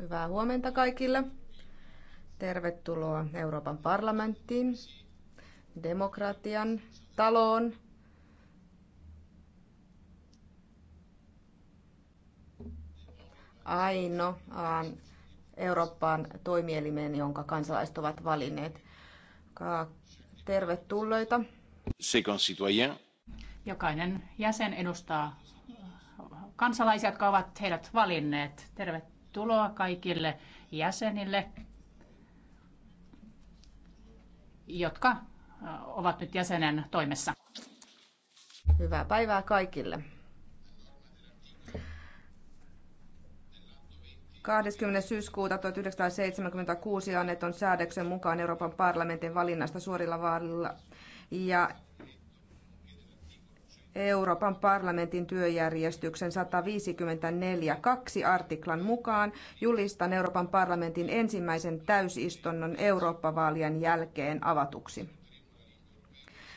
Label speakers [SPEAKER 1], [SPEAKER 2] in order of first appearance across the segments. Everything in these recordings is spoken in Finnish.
[SPEAKER 1] Hyvää huomenta kaikille. Tervetuloa Euroopan parlamenttiin, demokratian taloon. Ainoaan Eurooppaan toimielimeen, jonka kansalaiset ovat valinneet. Tervetulleita. Jokainen jäsen edustaa kansalaisia, jotka ovat heidät valinneet. Tervetuloa kaikille jäsenille, jotka äh, ovat nyt jäsenen toimessa. Hyvää päivää kaikille. 20. syyskuuta 1976 annetun säädöksen mukaan Euroopan parlamentin valinnasta suorilla vaalilla ja Euroopan parlamentin työjärjestyksen 154 2 artiklan mukaan julistan Euroopan parlamentin ensimmäisen täysistunnon Eurooppa-vaalien jälkeen avatuksi.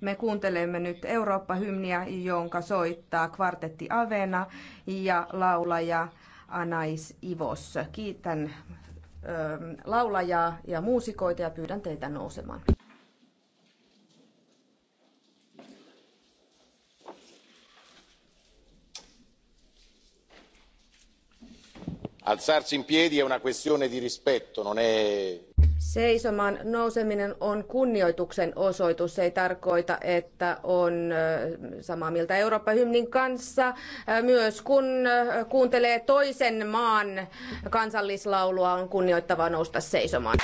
[SPEAKER 1] Me kuuntelemme nyt Eurooppa-hymniä, jonka soittaa kvartetti Avena ja laulaja Anais Ivos. Kiitän ö, laulajaa ja muusikoita ja pyydän teitä nousemaan.
[SPEAKER 2] alzarsi in piedi è una questione di rispetto non è.
[SPEAKER 1] seisomaan nouseminen on kunnioituksen osoitus. Se ei tarkoita, että on samaa mieltä Eurooppa-hymnin kanssa. Myös kun kuuntelee toisen maan kansallislaulua, on kunnioittavaa nousta seisomaan.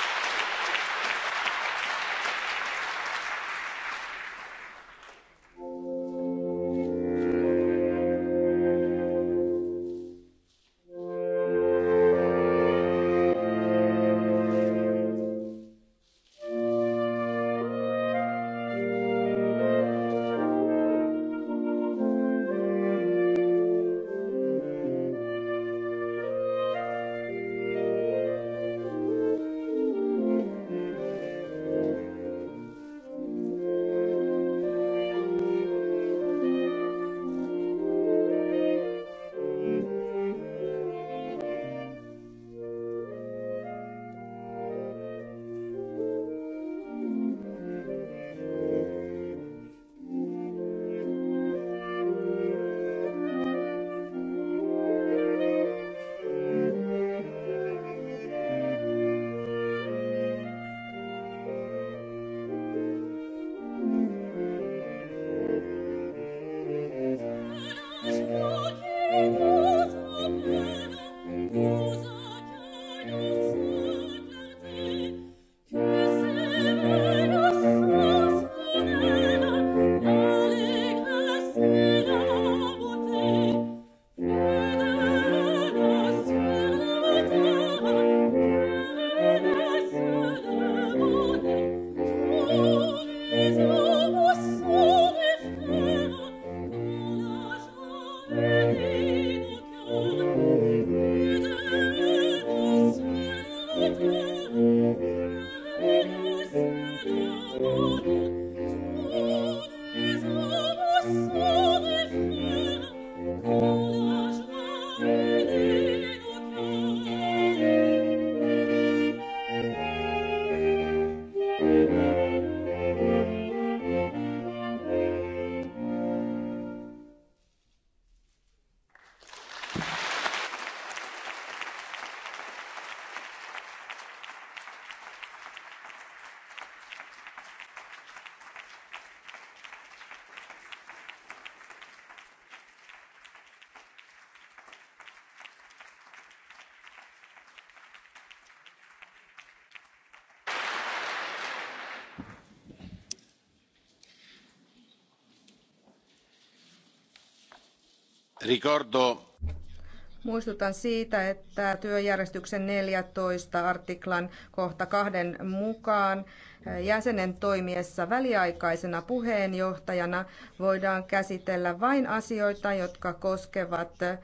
[SPEAKER 1] Muistutan siitä, että työjärjestyksen 14 artiklan kohta kahden mukaan eh, jäsenen toimiessa väliaikaisena puheenjohtajana voidaan käsitellä vain asioita, jotka koskevat eh,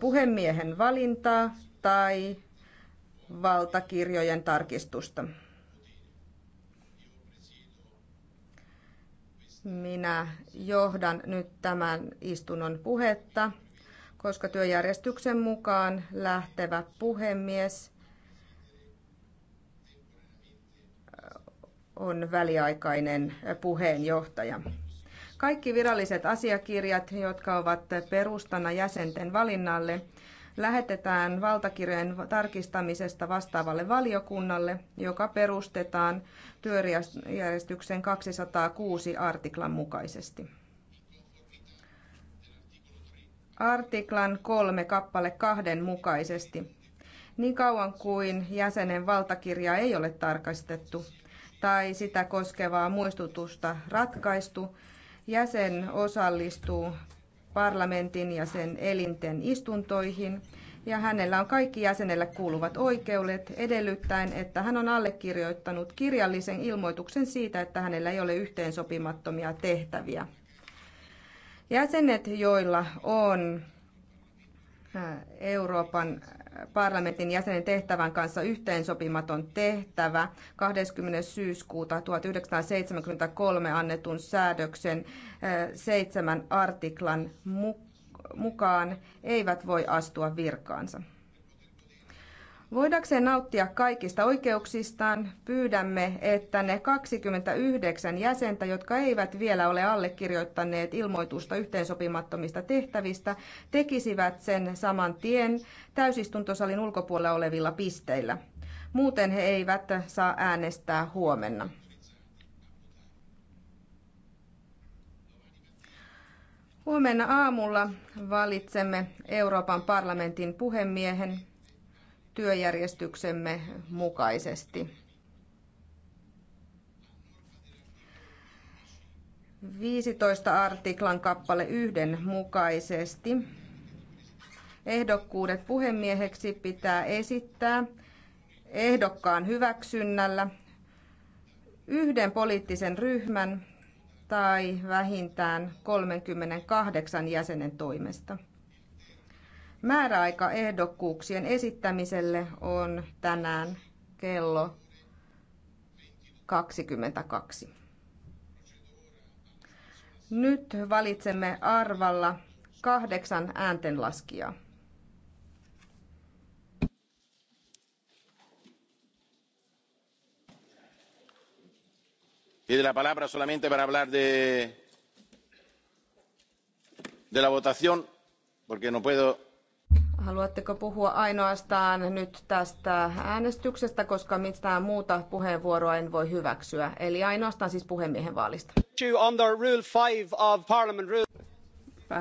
[SPEAKER 1] puhemiehen valintaa tai valtakirjojen tarkistusta. Minä johdan nyt tämän istunnon puhetta, koska työjärjestyksen mukaan lähtevä puhemies on väliaikainen puheenjohtaja. Kaikki viralliset asiakirjat, jotka ovat perustana jäsenten valinnalle, lähetetään valtakirjojen tarkistamisesta vastaavalle valiokunnalle, joka perustetaan työjärjestyksen 206 artiklan mukaisesti. Artiklan 3 kappale 2 mukaisesti. Niin kauan kuin jäsenen valtakirja ei ole tarkastettu tai sitä koskevaa muistutusta ratkaistu, jäsen osallistuu parlamentin ja sen elinten istuntoihin ja hänellä on kaikki jäsenelle kuuluvat oikeudet edellyttäen, että hän on allekirjoittanut kirjallisen ilmoituksen siitä, että hänellä ei ole yhteensopimattomia tehtäviä. Jäsenet, joilla on Euroopan parlamentin jäsenen tehtävän kanssa yhteensopimaton tehtävä 20. syyskuuta 1973 annetun säädöksen 7 artiklan mukaan eivät voi astua virkaansa. Voidakseen nauttia kaikista oikeuksistaan, pyydämme, että ne 29 jäsentä, jotka eivät vielä ole allekirjoittaneet ilmoitusta yhteensopimattomista tehtävistä, tekisivät sen saman tien täysistuntosalin ulkopuolella olevilla pisteillä. Muuten he eivät saa äänestää huomenna. Huomenna aamulla valitsemme Euroopan parlamentin puhemiehen työjärjestyksemme mukaisesti. Viisitoista artiklan kappale yhden mukaisesti ehdokkuudet puhemieheksi pitää esittää ehdokkaan hyväksynnällä yhden poliittisen ryhmän tai vähintään 38 jäsenen toimesta. Määräaika ehdokkuuksien esittämiselle on tänään kello 22. Nyt valitsemme arvalla kahdeksan ääntenlaskijaa.
[SPEAKER 2] Pide la palabra solamente para hablar de, de la votación, porque no puedo
[SPEAKER 1] Haluatteko puhua ainoastaan nyt tästä äänestyksestä, koska mitään muuta puheenvuoroa en voi hyväksyä, eli ainoastaan siis puhemiehen vaalista.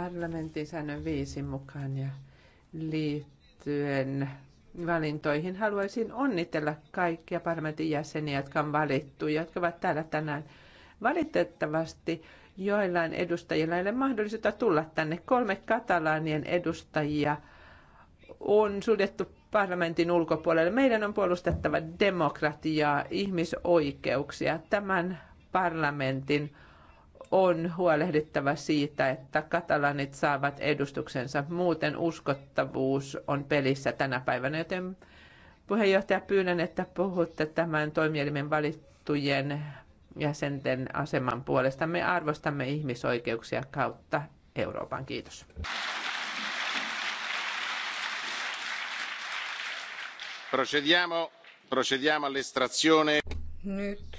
[SPEAKER 1] Parlamentin säännön viisi mukaan ja liittyen valintoihin haluaisin onnitella kaikkia parlamentin jäseniä, jotka on valittu, jotka ovat täällä tänään. Valitettavasti joillain edustajilla ei ole mahdollisuutta tulla tänne. Kolme katalaanien edustajia – on suljettu parlamentin ulkopuolelle. Meidän on puolustettava demokratiaa, ihmisoikeuksia. Tämän parlamentin on huolehdittava siitä, että katalanit saavat edustuksensa. Muuten uskottavuus on pelissä tänä päivänä, joten puheenjohtaja pyydän, että puhutte tämän toimielimen valittujen jäsenten aseman puolesta. Me arvostamme ihmisoikeuksia kautta Euroopan. Kiitos. Nyt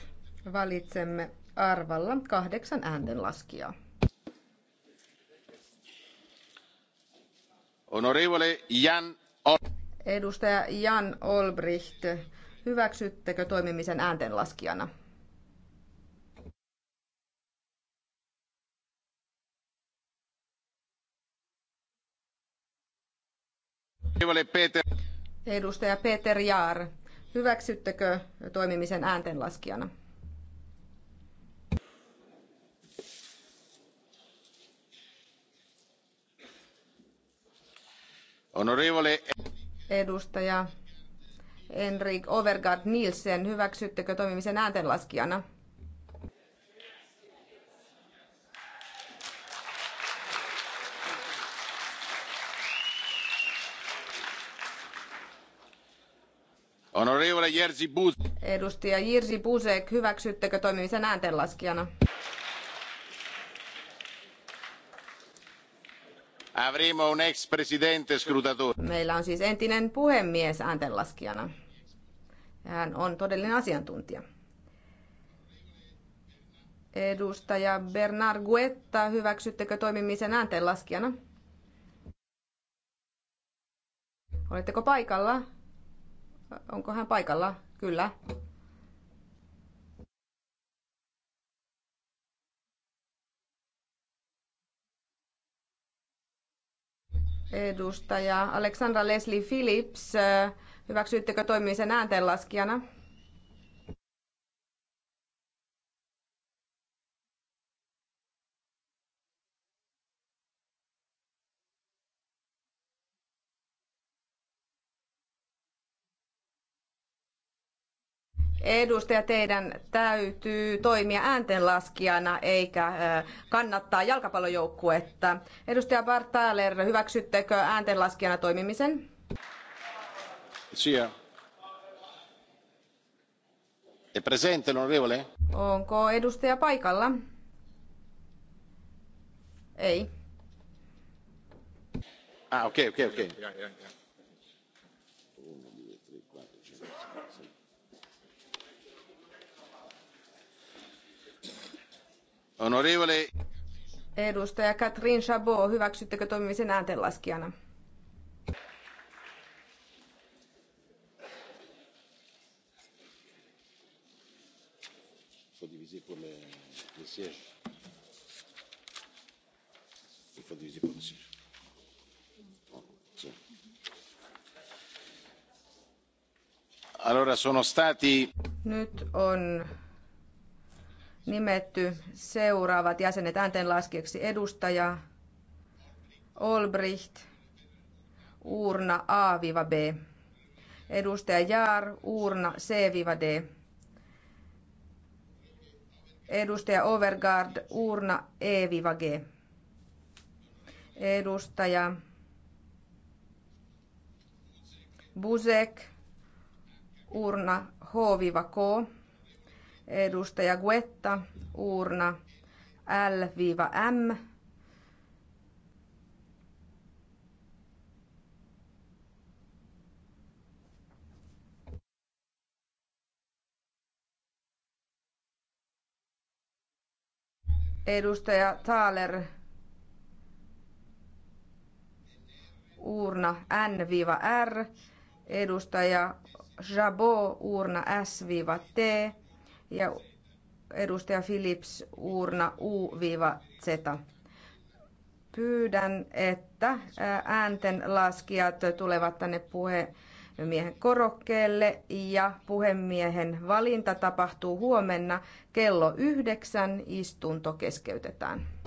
[SPEAKER 1] valitsemme arvalla kahdeksan ääntenlaskijaa.
[SPEAKER 2] Jan Ol-
[SPEAKER 1] Edustaja Jan Olbricht, hyväksyttekö toimimisen ääntenlaskijana? Peter Edustaja Peter Jaar, hyväksyttekö toimimisen ääntenlaskijana?
[SPEAKER 2] Honorevole.
[SPEAKER 1] Edustaja Henrik Overgaard Nielsen, hyväksyttekö toimimisen ääntenlaskijana? Edustaja Jirsi Buzek, hyväksyttekö toimimisen ääntenlaskijana?
[SPEAKER 2] Avremo un ex presidente scrutatore.
[SPEAKER 1] Meillä on siis entinen puhemies ääntenlaskijana. Hän on todellinen asiantuntija. Edustaja Bernard Guetta, hyväksyttekö toimimisen ääntenlaskijana? Oletteko paikalla? Onko hän paikalla? Kyllä. Edustaja Alexandra Leslie Phillips, hyväksyttekö toimimisen ääntenlaskijana? Edustaja, teidän täytyy toimia ääntenlaskijana eikä kannattaa jalkapallojoukkuetta. Edustaja Bartaler, hyväksyttekö ääntenlaskijana toimimisen?
[SPEAKER 2] Sia. E eh. presente l'onorevole?
[SPEAKER 1] Onko edustaja paikalla? Ei.
[SPEAKER 2] Ah, okei, okay, okei, okay, okei. Okay. Honorevole.
[SPEAKER 1] Edustaja Catherine Chabot, hyväksyttekö toimimisen ääntenlaskijana?
[SPEAKER 2] Oh, allora sono stati.
[SPEAKER 1] Nyt on nimetty seuraavat jäsenet ääntenlaskijaksi edustaja Olbricht, Urna A-B, edustaja Jaar, Urna C-D, edustaja Overgaard, Urna E-G, edustaja Buzek, Urna H-K, edustaja Guetta, Urna L-M. Edustaja Thaler, Urna N-R. Edustaja Jabot, Urna S-T ja edustaja Philips Uurna U-Z. Pyydän, että äänten laskijat tulevat tänne puhemiehen korokkeelle ja puhemiehen valinta tapahtuu huomenna kello yhdeksän. Istunto keskeytetään.